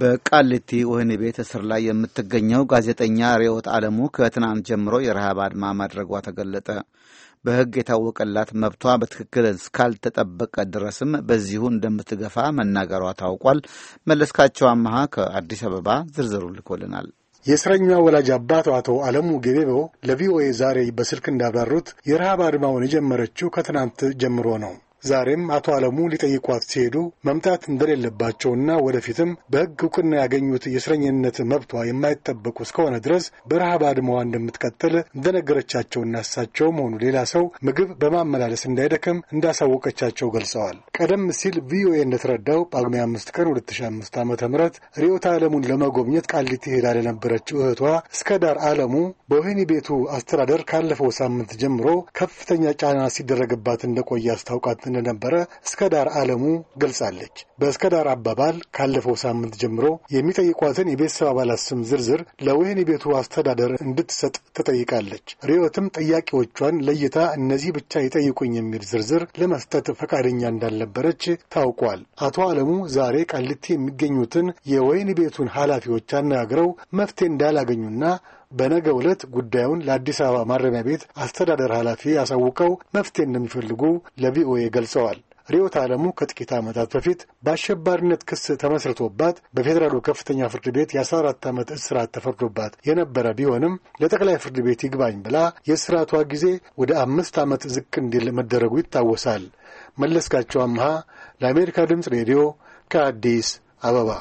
በቃሊቲ ወህኒ ቤት እስር ላይ የምትገኘው ጋዜጠኛ ርዕዮት ዓለሙ ከትናንት ጀምሮ የረሃብ አድማ ማድረጓ ተገለጠ። በሕግ የታወቀላት መብቷ በትክክል እስካልተጠበቀ ድረስም በዚሁ እንደምትገፋ መናገሯ ታውቋል። መለስካቸው አመሃ ከአዲስ አበባ ዝርዝሩ ልኮልናል። የእስረኛ ወላጅ አባቱ አቶ አለሙ ጌቤቦ ለቪኦኤ ዛሬ በስልክ እንዳብራሩት የረሃብ አድማውን የጀመረችው ከትናንት ጀምሮ ነው። ዛሬም አቶ አለሙ ሊጠይቋት ሲሄዱ መምጣት እንደሌለባቸውና ወደፊትም በሕግ እውቅና ያገኙት የእስረኝነት መብቷ የማይጠበቁ እስከሆነ ድረስ በረሃብ አድማዋ እንደምትቀጥል እንደነገረቻቸውና እሳቸውም ሆኑ ሌላ ሰው ምግብ በማመላለስ እንዳይደክም እንዳሳወቀቻቸው ገልጸዋል። ቀደም ሲል ቪኦኤ እንደተረዳው ጳጉሜ አምስት ቀን 2005 ዓ ም ርዕዮተ ዓለሙን ለመጎብኘት ቃሊቲ ሄዳ ለነበረችው እህቷ እስከ ዳር አለሙ በወህኒ ቤቱ አስተዳደር ካለፈው ሳምንት ጀምሮ ከፍተኛ ጫና ሲደረግባት እንደቆየ አስታውቃት እንደነበረ እስከዳር አለሙ ገልጻለች። በእስከዳር አባባል ካለፈው ሳምንት ጀምሮ የሚጠይቋትን የቤተሰብ አባላት ስም ዝርዝር ለወህኒ ቤቱ አስተዳደር እንድትሰጥ ትጠይቃለች። ርዮትም ጥያቄዎቿን ለይታ እነዚህ ብቻ ይጠይቁኝ የሚል ዝርዝር ለመስጠት ፈቃደኛ እንዳልነበረች ታውቋል። አቶ አለሙ ዛሬ ቃሊቲ የሚገኙትን የወህኒ ቤቱን ኃላፊዎች አነጋግረው መፍትሄ እንዳላገኙና በነገ ዕለት ጉዳዩን ለአዲስ አበባ ማረሚያ ቤት አስተዳደር ኃላፊ አሳውቀው መፍትሄ እንደሚፈልጉ ለቪኦኤ ገልጸዋል። ሪዮት ዓለሙ ከጥቂት ዓመታት በፊት በአሸባሪነት ክስ ተመስርቶባት በፌዴራሉ ከፍተኛ ፍርድ ቤት የ14 ዓመት እስራት ተፈርዶባት የነበረ ቢሆንም ለጠቅላይ ፍርድ ቤት ይግባኝ ብላ የእስራቷ ጊዜ ወደ አምስት ዓመት ዝቅ እንዲል መደረጉ ይታወሳል። መለስካቸው አምሃ ለአሜሪካ ድምፅ ሬዲዮ ከአዲስ አበባ